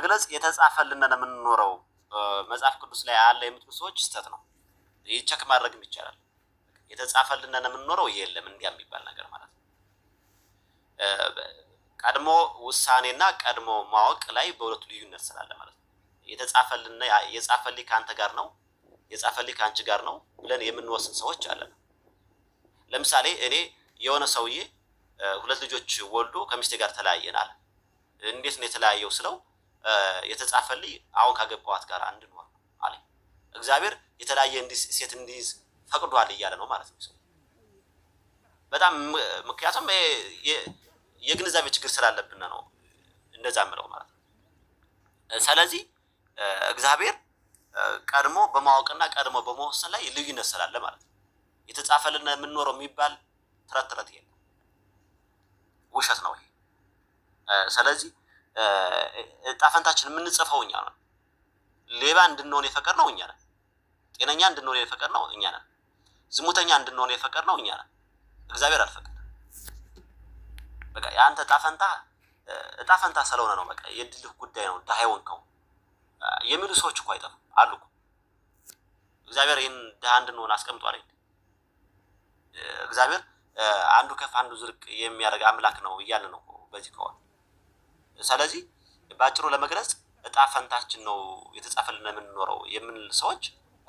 ለመግለጽ የተጻፈልን የምንኖረው መጽሐፍ ቅዱስ ላይ አለ የምትሉ ሰዎች ስተት ነው። ይህ ቸክ ማድረግም ይቻላል። የተጻፈልን የምንኖረው የለም እንዲያ የሚባል ነገር ማለት ነው። ቀድሞ ውሳኔና ቀድሞ ማወቅ ላይ በሁለቱ ልዩነት ስላለ ማለት ነው። የተጻፈልን የጻፈልኝ ከአንተ ጋር ነው የጻፈልኝ ከአንቺ ጋር ነው ብለን የምንወስን ሰዎች አለን። ለምሳሌ እኔ የሆነ ሰውዬ ሁለት ልጆች ወልዶ ከሚስቴ ጋር ተለያየን አለ። እንዴት ነው የተለያየው ስለው የተጻፈልኝ አሁን ካገባዋት ጋር እንድኖር አለ። እግዚአብሔር የተለያየ ሴት እንዲይዝ ፈቅዷል እያለ ነው ማለት ነው። በጣም ምክንያቱም የግንዛቤ ችግር ስላለብን ነው እንደዛ ምለው ማለት ነው። ስለዚህ እግዚአብሔር ቀድሞ በማወቅና ቀድሞ በመወሰን ላይ ልዩነት ስላለ ማለት ነው የተጻፈልን የምንኖረው የሚባል ትረት ትረት የለም፣ ውሸት ነው ይሄ። ስለዚህ ጣፈንታችን የምንጽፈው እኛ ነን። ሌባ እንድንሆን የፈቀድ ነው እኛ ነን። ጤነኛ እንድንሆን የፈቀድ ነው እኛ ነን። ዝሙተኛ እንድንሆን የፈቀድ ነው እኛ ነን። እግዚአብሔር አልፈቀደም። በቃ የአንተ ጣፈንታ እጣፈንታ ስለሆነ ነው። በቃ የድልህ ጉዳይ ነው። ድሃ የሆንከው የሚሉ ሰዎች እኮ አይጠፉ አሉ። እግዚአብሔር ይህን ድሃ እንድንሆን አስቀምጦ አይደል? እግዚአብሔር አንዱ ከፍ አንዱ ዝርቅ የሚያደርግ አምላክ ነው እያለ ነው በዚህ ከሆነ ስለዚህ በአጭሩ ለመግለጽ እጣ ፈንታችን ነው የተጻፈልን የምንኖረው የምንል ሰዎች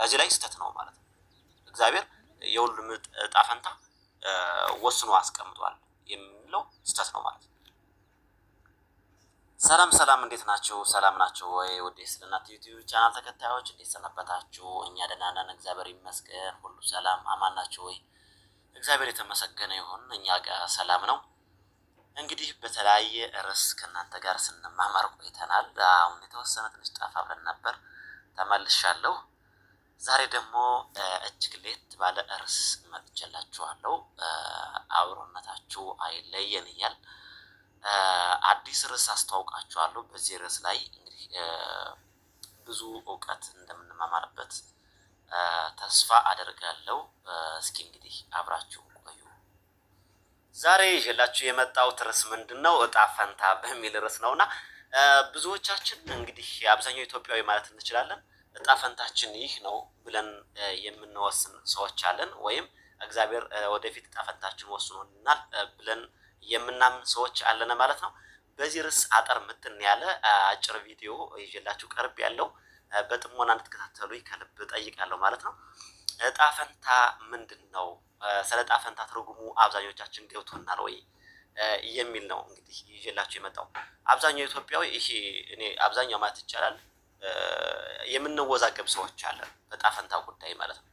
እዚህ ላይ ስህተት ነው ማለት ነው። እግዚአብሔር የሁሉም እጣ ፈንታ ወስኖ አስቀምጧል የምንለው ስህተት ነው ማለት ነው። ሰላም ሰላም፣ እንዴት ናችሁ? ሰላም ናችሁ ወይ? ወደ ስልናት ዩቲዩብ ቻናል ተከታዮች እንዴት ሰነበታችሁ? እኛ ደህና ነን፣ እግዚአብሔር ይመስገን። ሁሉ ሰላም አማን ናችሁ ወይ? እግዚአብሔር የተመሰገነ ይሁን። እኛ ጋር ሰላም ነው። እንግዲህ በተለያየ ርዕስ ከእናንተ ጋር ስንማማር ቆይተናል። አሁን የተወሰነ ትንሽ ጣፋ ብለን ነበር፣ ተመልሻለሁ። ዛሬ ደግሞ እጅግ ሌት ባለ ርዕስ መጥቼላችኋለሁ። አብሮነታችሁ አይለየን እያል አዲስ ርዕስ አስተዋውቃችኋለሁ። በዚህ ርዕስ ላይ እንግዲህ ብዙ እውቀት እንደምንማማርበት ተስፋ አደርጋለሁ። እስኪ እንግዲህ አብራችሁ ዛሬ ይዤላችሁ የመጣሁት ርዕስ ምንድን ነው? እጣ ፈንታ በሚል ርዕስ ነው እና ብዙዎቻችን እንግዲህ አብዛኛው ኢትዮጵያዊ ማለት እንችላለን እጣ ፈንታችን ይህ ነው ብለን የምንወስን ሰዎች አለን። ወይም እግዚአብሔር ወደፊት እጣ ፈንታችን ወስኖልናል ብለን የምናምን ሰዎች አለን ማለት ነው። በዚህ ርዕስ አጠር ምትን ያለ አጭር ቪዲዮ ይዤላችሁ ቀርብ ያለው በጥሞና እንድትከታተሉ ከልብ ጠይቃለሁ ማለት ነው። እጣ ፈንታ ምንድን ነው? ስለ ፈንታ ትርጉሙ አብዛኞቻችን ገብቶናል ወይ የሚል ነው እንግዲህ ይዤላችሁ የመጣው። አብዛኛው ኢትዮጵያዊ ይሄ እኔ አብዛኛው ማለት ይቻላል የምንወዛገብ ሰዎች አለን በዕጣ ፈንታ ጉዳይ ማለት ነው።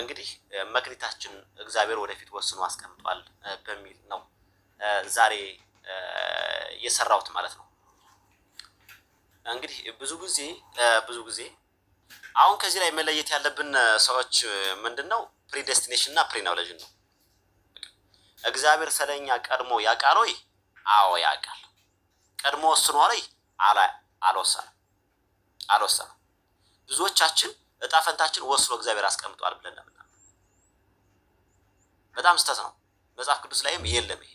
እንግዲህ መክሊታችን እግዚአብሔር ወደፊት ወስኖ አስቀምጧል በሚል ነው ዛሬ የሰራሁት ማለት ነው። እንግዲህ ብዙ ጊዜ ብዙ ጊዜ አሁን ከዚህ ላይ መለየት ያለብን ሰዎች ምንድን ነው ፕሪደስቲኔሽን እና ፕሪናውለጅን ነው። እግዚአብሔር ስለኛ ቀድሞ ያውቃል ወይ? አዎ ያውቃል። ቀድሞ ወስኖ ወይ? አልወሰነም አልወሰነም። ብዙዎቻችን እጣ ፈንታችን ወስኖ እግዚአብሔር አስቀምጧል ብለን ምናምን በጣም ስተት ነው። መጽሐፍ ቅዱስ ላይም የለም ይሄ።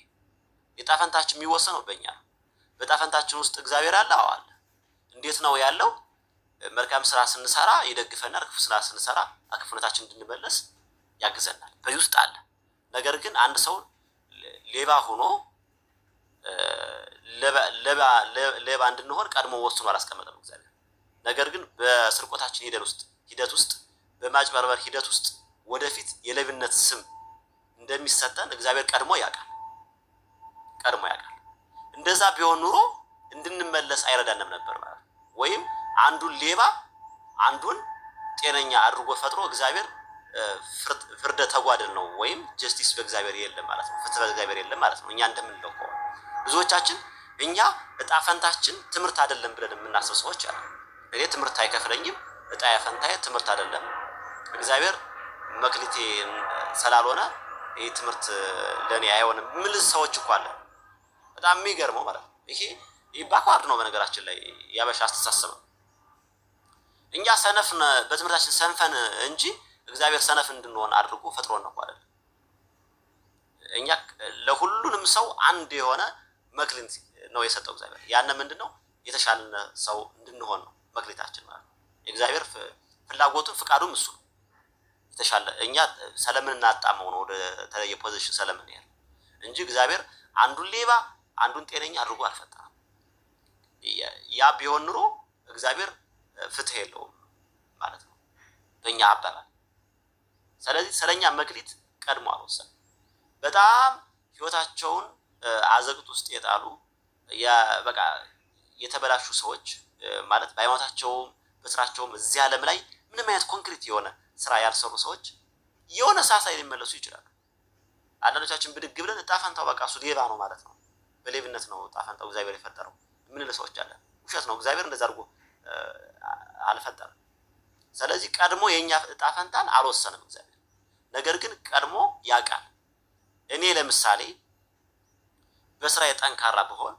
የጣፈንታችን ፈንታችን የሚወሰነው በእኛ ነው። በእጣ ፈንታችን ውስጥ እግዚአብሔር አለ። አዎ አለ። እንዴት ነው ያለው? መልካም ስራ ስንሰራ ይደግፈናል፣ ክፉ ስራ ስንሰራ አክፍነታችን እንድንመለስ ያግዘናል። በዚህ ውስጥ አለ። ነገር ግን አንድ ሰው ሌባ ሆኖ ሌባ እንድንሆን ቀድሞ ወስኖ አላስቀመጠም እግዚአብሔር። ነገር ግን በስርቆታችን ሂደት ውስጥ ሂደት ውስጥ በማጭበርበር ሂደት ውስጥ ወደፊት የሌብነት ስም እንደሚሰጠን እግዚአብሔር ቀድሞ ያውቃል፣ ቀድሞ ያውቃል። እንደዛ ቢሆን ኑሮ እንድንመለስ አይረዳንም ነበር ማለት ወይም አንዱን ሌባ አንዱን ጤነኛ አድርጎ ፈጥሮ እግዚአብሔር ፍርደ ተጓደል ነው ወይም ጀስቲስ በእግዚአብሔር የለም ማለት ነው። ፍትህ በእግዚአብሔር የለም ማለት ነው። እኛ እንደምንለው ከሆነ ብዙዎቻችን እኛ እጣ ፈንታችን ትምህርት አይደለም ብለን የምናስብ ሰዎች አሉ። እኔ ትምህርት አይከፍለኝም፣ እጣ ፈንታዬ ትምህርት አይደለም፣ እግዚአብሔር መክሊቴ ስላልሆነ ይህ ትምህርት ለእኔ አይሆንም ምል ሰዎች እኮ አለ። በጣም የሚገርመው ማለት ነው። ይሄ ባክዋርድ ነው በነገራችን ላይ ያበሻ አስተሳሰብ። እኛ ሰነፍ በትምህርታችን ሰንፈን እንጂ እግዚአብሔር ሰነፍ እንድንሆን አድርጎ ፈጥሮ ነው ማለት እኛ ለሁሉንም ሰው አንድ የሆነ መክሊት ነው የሰጠው እግዚአብሔር። ያነ ምንድን ነው የተሻለ ሰው እንድንሆን ነው መክሊታችን ማለት ነው። እግዚአብሔር ፍላጎቱም ፍቃዱም እሱ ነው የተሻለ። እኛ ሰለምን እናጣመው ነው ወደ ተለየ ፖዚሽን ሰለምን ያለ እንጂ እግዚአብሔር አንዱን ሌባ አንዱን ጤነኛ አድርጎ አልፈጠረም። ያ ቢሆን ኑሮ እግዚአብሔር ፍትህ የለውም ማለት ነው በእኛ አባባል ስለዚህ ስለኛ መክሊት ቀድሞ አልወሰን በጣም ህይወታቸውን አዘግት ውስጥ የጣሉ በቃ የተበላሹ ሰዎች ማለት በሃይማኖታቸውም በስራቸውም እዚህ ዓለም ላይ ምንም አይነት ኮንክሪት የሆነ ስራ ያልሰሩ ሰዎች የሆነ ሰዓት ላይ ሊመለሱ ይችላሉ። አንዳንዶቻችን ብድግ ብለን እጣፈንታው በቃ እሱ ሌባ ነው ማለት ነው፣ በሌብነት ነው እጣፈንታው እግዚአብሔር የፈጠረው የምንል ሰዎች አለ። ውሸት ነው፣ እግዚአብሔር እንደዛ አድርጎ አልፈጠረም። ስለዚህ ቀድሞ የእኛ እጣፈንታን አልወሰንም እግዚአብሔር ያውቃል። እኔ ለምሳሌ በስራ የጠንካራ ብሆን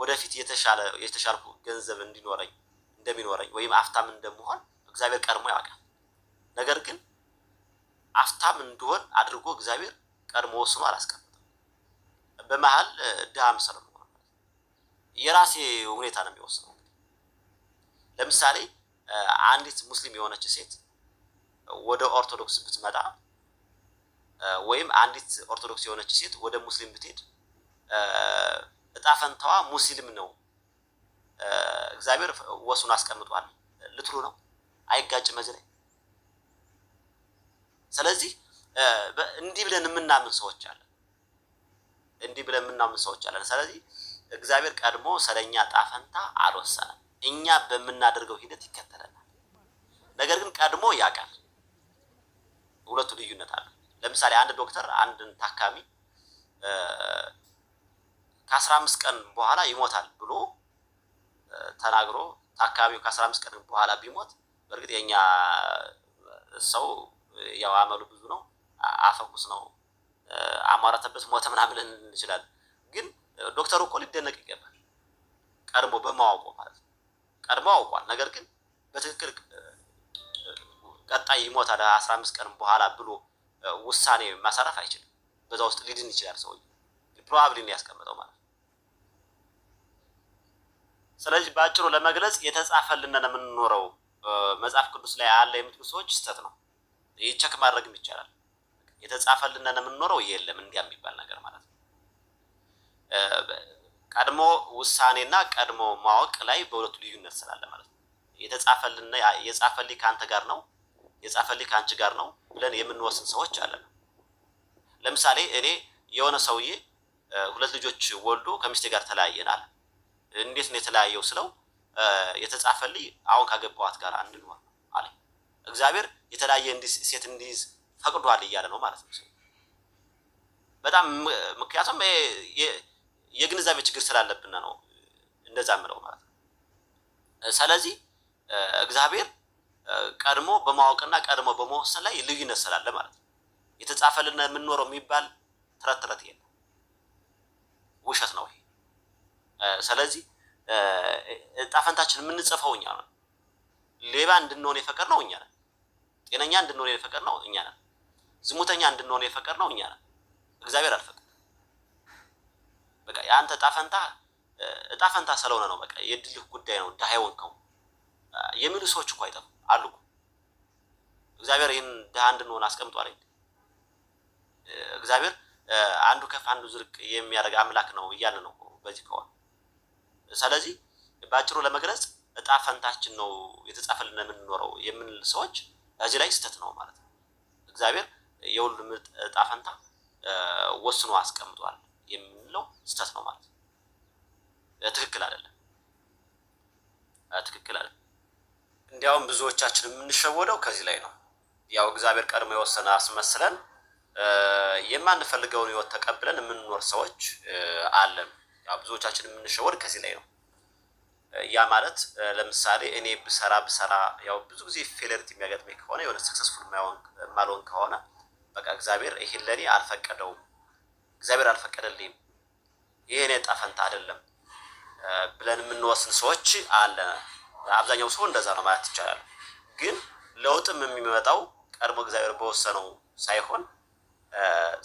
ወደፊት የተሻለ የተሻልኩ ገንዘብ እንዲኖረኝ እንደሚኖረኝ ወይም አፍታም እንደምሆን እግዚአብሔር ቀድሞ ያውቃል። ነገር ግን አፍታም እንድሆን አድርጎ እግዚአብሔር ቀድሞ ወስኖ አላስቀምጥም። በመሀል ድሃም ስለምሆን የራሴ ሁኔታ ነው የሚወስነው። ለምሳሌ አንዲት ሙስሊም የሆነች ሴት ወደ ኦርቶዶክስ ብትመጣ ወይም አንዲት ኦርቶዶክስ የሆነች ሴት ወደ ሙስሊም ብትሄድ እጣ ፈንታዋ ሙስሊም ነው፣ እግዚአብሔር ወሱን አስቀምጧል ልትሉ ነው? አይጋጭም እዚህ ላይ። ስለዚህ እንዲህ ብለን የምናምን ሰዎች አለ፣ እንዲህ ብለን የምናምን ሰዎች አለን። ስለዚህ እግዚአብሔር ቀድሞ ስለኛ እጣ ፈንታ አልወሰነም። እኛ በምናደርገው ሂደት ይከተለናል። ነገር ግን ቀድሞ ያውቃል። ሁለቱ ልዩነት አለ። ለምሳሌ አንድ ዶክተር አንድን ታካሚ ከአስራ አምስት ቀን በኋላ ይሞታል ብሎ ተናግሮ ታካሚው ከአስራ አምስት ቀን በኋላ ቢሞት በእርግጥ የኛ ሰው ያው አመሉ ብዙ ነው፣ አፈኩስ ነው፣ አሟረተበት ሞተ ምናምን እንችላለን። ግን ዶክተሩ እኮ ሊደነቅ ይገባል፣ ቀድሞ በማወቁ ማለት ነው። ቀድሞ አውቋል። ነገር ግን በትክክል ቀጣይ ይሞታል አስራ አምስት ቀን በኋላ ብሎ ውሳኔ ማሳረፍ አይችልም። በዛ ውስጥ ሊድን ይችላል ሰው ፕሮባብሊ ያስቀምጠው ማለት ነው። ስለዚህ በአጭሩ ለመግለጽ የተጻፈልንን የምንኖረው መጽሐፍ ቅዱስ ላይ አለ የምትሉ ሰዎች ስህተት ነው። ይህ ቸክ ማድረግም ይቻላል። የተጻፈልንን የምንኖረው የለም እንዲያ የሚባል ነገር ማለት ነው። ቀድሞ ውሳኔና ቀድሞ ማወቅ ላይ በሁለቱ ልዩነት ስላለ ማለት ነው። የተጻፈልንና የጻፈልኝ ከአንተ ጋር ነው የጻፈልህ ከአንቺ ጋር ነው ብለን የምንወስን ሰዎች አለን። ለምሳሌ እኔ የሆነ ሰውዬ ሁለት ልጆች ወልዶ ከሚስቴ ጋር ተለያየናል። እንዴት ነው የተለያየው ስለው የተጻፈልኝ አሁን ካገባዋት ጋር እንድኖር አለ። እግዚአብሔር የተለያየ ሴት እንዲይዝ ፈቅዷል እያለ ነው ማለት ነው። በጣም ምክንያቱም የግንዛቤ ችግር ስላለብን ነው እንደዛ ምለው ማለት ነው። ስለዚህ እግዚአብሔር ቀድሞ በማወቅና ቀድሞ በመወሰን ላይ ልዩነት ስላለ ማለት ነው። የተጻፈልን የምንኖረው የሚባል ተረት ተረት ይሄ ነው፣ ውሸት ነው ይሄ። ስለዚህ እጣፈንታችን የምንጽፈው እኛ ነን። ሌባ እንድንሆን የፈቀድ ነው እኛ ነን። ጤነኛ እንድንሆን የፈቀድ ነው እኛ ነን። ዝሙተኛ እንድንሆን የፈቀድ ነው እኛ ነን። እግዚአብሔር አልፈቀደም። በቃ የአንተ ዕጣ እጣፈንታ ስለሆነ ነው። በቃ የድልህ ጉዳይ ነው። ድሃ የሆንከው የሚሉ ሰዎች እኮ አይጠፉም። አሉ። እግዚአብሔር ይህን ድሃ እንድንሆን አስቀምጧል። እግዚአብሔር አንዱ ከፍ አንዱ ዝርቅ የሚያደርግ አምላክ ነው እያለ ነው በዚህ ከሆነ ስለዚህ በአጭሩ ለመግለጽ እጣ ፈንታችን ነው የተጻፈልን የምንኖረው የምንል ሰዎች እዚህ ላይ ስህተት ነው ማለት ነው። እግዚአብሔር የሁሉም እጣ ፈንታ ወስኖ አስቀምጧል የምንለው ስህተት ነው ማለት ነው። ትክክል አይደለም። እንዲያውም ብዙዎቻችን የምንሸወደው ከዚህ ላይ ነው። ያው እግዚአብሔር ቀድሞ የወሰነ አስመስለን የማንፈልገውን ህይወት ተቀብለን የምንኖር ሰዎች አለን። ያው ብዙዎቻችን የምንሸወድ ከዚህ ላይ ነው። ያ ማለት ለምሳሌ እኔ ብሰራ ብሰራ ያው ብዙ ጊዜ ፌለሪት የሚያገጥመኝ ከሆነ የሆነ ሰክሰስፉል ማልሆን ከሆነ በቃ እግዚአብሔር ይሄን ለእኔ አልፈቀደውም፣ እግዚአብሔር አልፈቀደልኝም፣ ይሄ እኔ ጣፈንታ አይደለም ብለን የምንወስን ሰዎች አለን። አብዛኛው ሰው እንደዛ ነው ማለት ይቻላል። ግን ለውጥም የሚመጣው ቀድሞ እግዚአብሔር በወሰነው ሳይሆን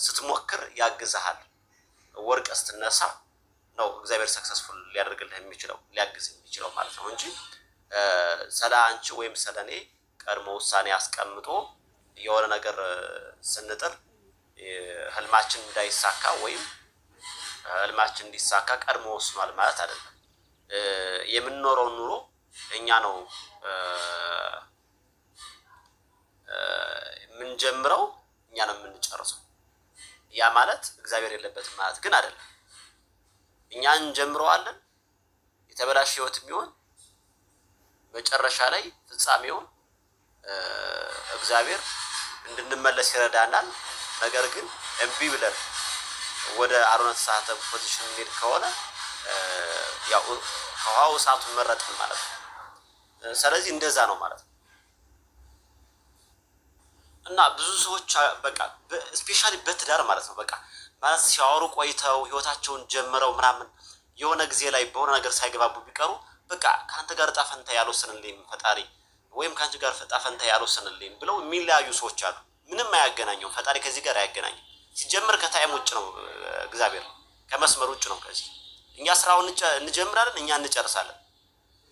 ስትሞክር ያግዝሃል። ወርቅ ስትነሳ ነው እግዚአብሔር ሰክሰስፉል ሊያደርግልህ የሚችለው ሊያግዝ የሚችለው ማለት ነው እንጂ ስለ አንቺ ወይም ስለ እኔ ቀድሞ ውሳኔ አስቀምጦ የሆነ ነገር ስንጥር ህልማችን እንዳይሳካ ወይም ህልማችን እንዲሳካ ቀድሞ ወስኗል ማለት አይደለም። የምንኖረውን ኑሮ እኛ ነው የምንጀምረው፣ እኛ ነው የምንጨርሰው። ያ ማለት እግዚአብሔር የለበትም ማለት ግን አይደለም። እኛ እንጀምረዋለን የተበላሸ ህይወት የሚሆን መጨረሻ ላይ ፍጻሜውን እግዚአብሔር እንድንመለስ ይረዳናል። ነገር ግን እምቢ ብለን ወደ አሮነት ተሳተፍ ፖዚሽን እንሄድ ከሆነ ያው ከውሃው እሳቱን መረጥን ማለት ነው። ስለዚህ እንደዛ ነው ማለት ነው። እና ብዙ ሰዎች በቃ ስፔሻሊ በትዳር ማለት ነው በቃ ማለት ሲያወሩ ቆይተው ህይወታቸውን ጀምረው ምናምን የሆነ ጊዜ ላይ በሆነ ነገር ሳይገባቡ ቢቀሩ በቃ ከአንተ ጋር እጣ ፈንታ ያልወሰንልኝም ፈጣሪ ወይም ከአንቺ ጋር እጣ ፈንታ ያልወሰንልኝም ብለው የሚለያዩ ሰዎች አሉ። ምንም አያገናኘውም ፈጣሪ ከዚህ ጋር አያገናኘም። ሲጀምር ከታይም ውጭ ነው እግዚአብሔር ከመስመር ውጭ ነው። ከዚህ እኛ ስራውን እንጀምራለን፣ እኛ እንጨርሳለን።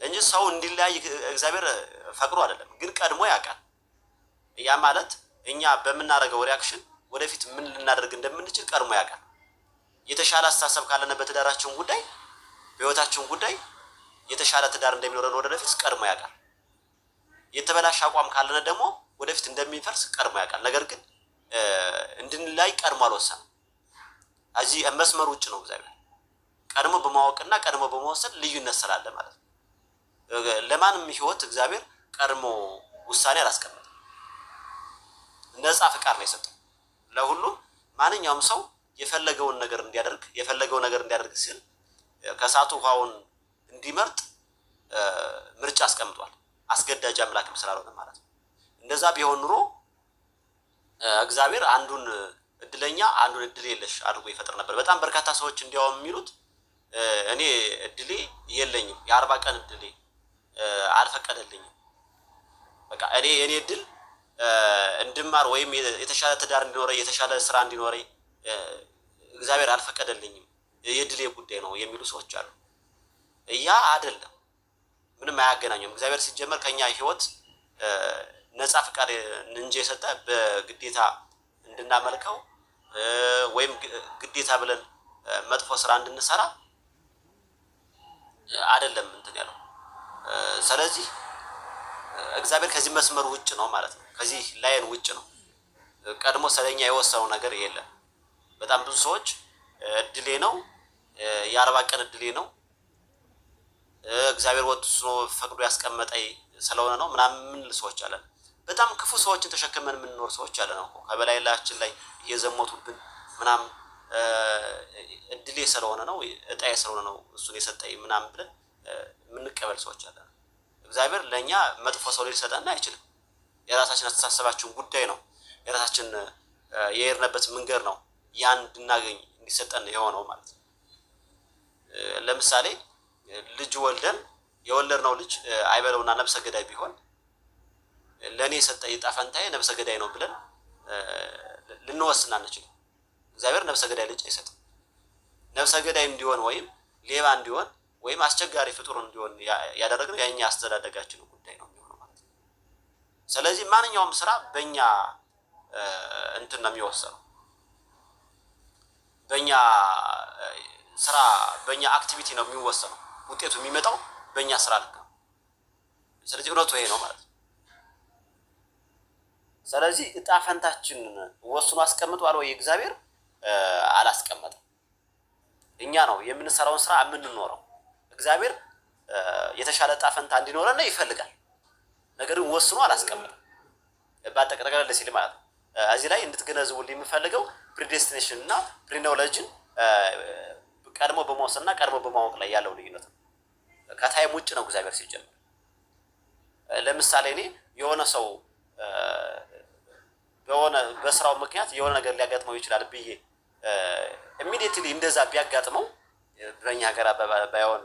እንጂ ሰው እንዲለያይ እግዚአብሔር ፈቅዶ አይደለም። ግን ቀድሞ ያውቃል። ያ ማለት እኛ በምናደርገው ሪያክሽን ወደፊት ምን ልናደርግ እንደምንችል ቀድሞ ያውቃል። የተሻለ አስተሳሰብ ካለን በትዳራችን ጉዳይ፣ በህይወታችን ጉዳይ የተሻለ ትዳር እንደሚኖረን ወደፊት ቀድሞ ያውቃል። የተበላሽ አቋም ካለን ደግሞ ወደፊት እንደሚፈርስ ቀድሞ ያውቃል። ነገር ግን እንድንለያይ ቀድሞ አልወሰንም። እዚህ መስመር ውጭ ነው። እግዚአብሔር ቀድሞ በማወቅና ቀድሞ በመወሰን ልዩነት ስላለ ማለት ነው። ለማንም ህይወት እግዚአብሔር ቀድሞ ውሳኔ አላስቀመጠም። ነፃ ፍቃድ ነው የሰጠው ለሁሉም። ማንኛውም ሰው የፈለገውን ነገር እንዲያደርግ የፈለገው ነገር እንዲያደርግ ሲል ከእሳቱ ውሃውን እንዲመርጥ ምርጫ አስቀምጧል። አስገዳጅ አምላክም ስላልሆነ ማለት ነው። እንደዛ ቢሆን ኑሮ እግዚአብሔር አንዱን እድለኛ አንዱን እድል የለሽ አድርጎ ይፈጥር ነበር። በጣም በርካታ ሰዎች እንዲያውም የሚሉት እኔ እድሌ የለኝም የአርባ ቀን እድሌ አልፈቀደልኝም። በቃ እኔ እኔ እድል እንድማር ወይም የተሻለ ትዳር እንዲኖረኝ የተሻለ ስራ እንዲኖረኝ እግዚአብሔር አልፈቀደልኝም፣ የድል ጉዳይ ነው የሚሉ ሰዎች አሉ። እያ አይደለም፣ ምንም አያገናኙም። እግዚአብሔር ሲጀመር ከኛ ህይወት ነፃ ፍቃድ እንጂ የሰጠ በግዴታ እንድናመልከው ወይም ግዴታ ብለን መጥፎ ስራ እንድንሰራ አይደለም እንትን ያለው ስለዚህ እግዚአብሔር ከዚህ መስመር ውጭ ነው ማለት ነው። ከዚህ ላይን ውጭ ነው። ቀድሞ ስለኛ የወሰነው ነገር የለም። በጣም ብዙ ሰዎች እድሌ ነው የአርባ ቀን እድሌ ነው እግዚአብሔር ወስኖ ፈቅዶ ያስቀመጠኝ ስለሆነ ነው ምናምን ሰዎች አለን። በጣም ክፉ ሰዎችን ተሸክመን የምንኖር ሰዎች አለን እኮ ላችን ላይ እየዘሞቱብን ምናም እድሌ ስለሆነ ነው እጣዬ ስለሆነ ነው እሱን የሰጠኝ ምናም ብለን የምንቀበል ሰዎች አለ። እግዚአብሔር ለእኛ መጥፎ ሰው ሊሰጠን አይችልም። የራሳችን አስተሳሰባችን ጉዳይ ነው። የራሳችን የሄድንበት መንገድ ነው ያን እንድናገኝ እንዲሰጠን የሆነው ማለት ነው። ለምሳሌ ልጅ ወልደን የወለድነው ልጅ አይበለውና ነብሰ ገዳይ ቢሆን ለእኔ የሰጠ የጣፈንታዬ ነብሰ ገዳይ ነው ብለን ልንወስን አንችልም። እግዚአብሔር ነብሰ ገዳይ ልጅ አይሰጥም። ነብሰ ገዳይ እንዲሆን ወይም ሌባ እንዲሆን ወይም አስቸጋሪ ፍጡር እንዲሆን ያደረግነው የእኛ አስተዳደጋችን ጉዳይ ነው የሚሆነው ማለት ነው። ስለዚህ ማንኛውም ስራ በእኛ እንትን ነው የሚወሰነው በእኛ ስራ በእኛ አክቲቪቲ ነው የሚወሰነው። ውጤቱ የሚመጣው በእኛ ስራ ልክ ነው። ስለዚህ እውነቱ ይሄ ነው ማለት ነው። ስለዚህ እጣ ፈንታችንን ወስኖ አስቀምጧል ወይ እግዚአብሔር? አላስቀመጠም። እኛ ነው የምንሰራውን ስራ የምንኖረው። እግዚአብሔር የተሻለ ጣፈንታ እንዲኖረን ይፈልጋል። ነገር ግን ወስኖ አላስቀምጥም። በአጠቃላይ ሲል ማለት ነው። እዚህ ላይ እንድትገነዝቡ የምፈልገው ፕሪዴስቲኔሽን እና ፕሪኖሎጂን ቀድሞ በመወሰንና ቀድሞ በማወቅ ላይ ያለው ልዩነት ነው። ከታይም ውጭ ነው እግዚአብሔር ሲጀምር። ለምሳሌ እኔ የሆነ ሰው በሆነ በስራው ምክንያት የሆነ ነገር ሊያጋጥመው ይችላል ብዬ ኢሚዲየትሊ እንደዛ ቢያጋጥመው በኛ ሀገር ባይሆን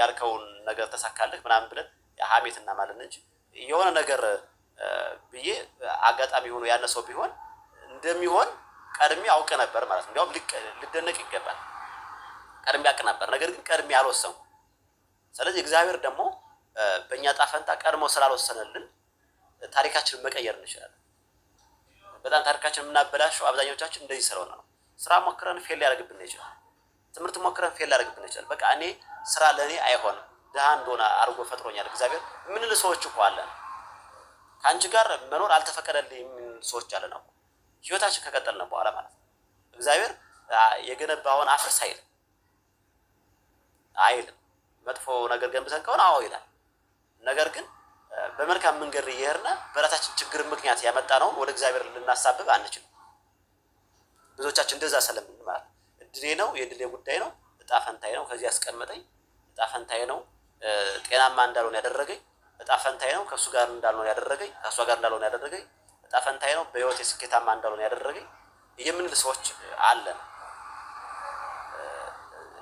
ያልከውን ነገር ተሳካልህ ምናምን ብለን ሀሜት እናማለን እንጂ የሆነ ነገር ብዬ አጋጣሚ ሆኖ ያነሰው ቢሆን እንደሚሆን ቀድሜ አውቅ ነበር ማለት ነው። እንዲያውም ልደነቅ ይገባል። ቀድሜ አውቅ ነበር፣ ነገር ግን ቀድሜ አልወሰንኩም። ስለዚህ እግዚአብሔር ደግሞ በእኛ ጣፈንታ ቀድሞ ስላልወሰነልን ታሪካችንን መቀየር እንችላለን። በጣም ታሪካችን የምናበላሸው አብዛኞቻችን እንደዚህ ስለሆነ ነው። ስራ ሞክረን ፌል ሊያደርግብን ይችላል። ትምህርት ሞክረን ፌል ላደርግብን ይችላል። በቃ እኔ ስራ ለእኔ አይሆንም ድሃ እንደሆነ አድርጎ ፈጥሮኛል እግዚአብሔር የምንል ሰዎች እኮ አለን። ከአንቺ ጋር መኖር አልተፈቀደልኝ የምን ሰዎች አለ ነው ህይወታችን ከቀጠልን በኋላ ማለት ነው። እግዚአብሔር የገነባውን አፍርስ አይልም አይልም። መጥፎ ነገር ገንብተን ከሆነ አዎ ይላል። ነገር ግን በመልካም መንገድ እየሄድን በራሳችን ችግር ምክንያት ያመጣ ነው ወደ እግዚአብሔር ልናሳብብ አንችልም። ብዙዎቻችን እንደዛ ስለምንማር ድሌ ነው፣ የድሌ ጉዳይ ነው፣ እጣ ፈንታዬ ነው። ከዚህ ያስቀመጠኝ እጣ ፈንታዬ ነው። ጤናማ እንዳልሆን ያደረገኝ እጣ ፈንታዬ ነው። ከእሱ ጋር እንዳልሆን ያደረገኝ፣ ከእሷ ጋር እንዳልሆን ያደረገኝ እጣ ፈንታዬ ነው። በህይወት የስኬታማ እንዳልሆን ያደረገኝ የምንል ሰዎች አለን።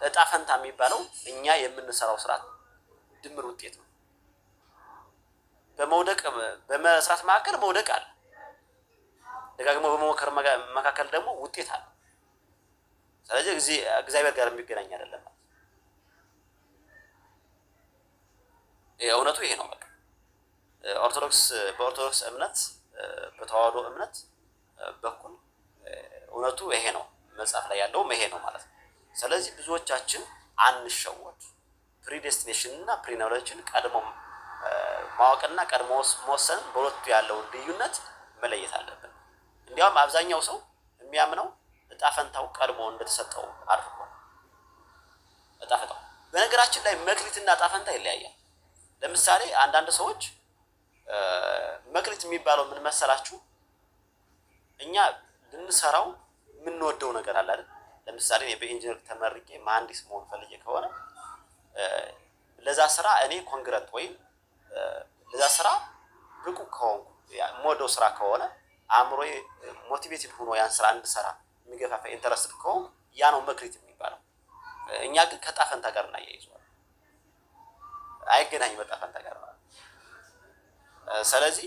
እጣ ፈንታ የሚባለው እኛ የምንሰራው ስራ ድምር ውጤት ነው። በመውደቅ በመስራት መካከል መውደቅ አለ። ደጋግሞ በመሞከር መካከል ደግሞ ውጤት አለ። ስለዚህ እግዚአብሔር ጋር የሚገናኝ አይደለም። እውነቱ ይሄ ነው። በቃ ኦርቶዶክስ በኦርቶዶክስ እምነት በተዋህዶ እምነት በኩል እውነቱ ይሄ ነው። መጽሐፍ ላይ ያለውም ይሄ ነው ማለት ነው። ስለዚህ ብዙዎቻችን አንሸወድ። ፕሪዴስቲኔሽን እና ፕሪኖሌጅን ቀድሞ ማወቅና ቀድሞ መወሰን በሁለቱ ያለውን ልዩነት መለየት አለብን። እንዲያውም አብዛኛው ሰው የሚያምነው እጣ ፈንታው ቀድሞ እንደተሰጠው አድርጓል። እጣ ፈንታው በነገራችን ላይ መክሊትና እጣ ፈንታ ይለያያል። ለምሳሌ አንዳንድ ሰዎች መክሊት የሚባለው ምን መሰላችሁ? እኛ ልንሰራው የምንወደው ነገር አለ አይደል? ለምሳሌ እኔ በኢንጂነር ተመርቄ መሐንዲስ መሆን ፈልጌ ከሆነ ለዛ ስራ እኔ ኮንግረት ወይም ለዛ ስራ ብቁ ከሆንኩ የምወደው ስራ ከሆነ አእምሮዬ ሞቲቬትድ ሆኖ ያን ስራ እንድሰራ የሚገፋፋ ኢንተረስት ከሆን ያ ነው መክሪት የሚባለው። እኛ ግን ከጣፈንታ ጋር እናያይዘዋል። አይገናኝም በጣፈንታ ጋር ማለት። ስለዚህ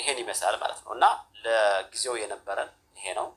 ይሄን ይመስላል ማለት ነው እና ለጊዜው የነበረን ይሄ ነው።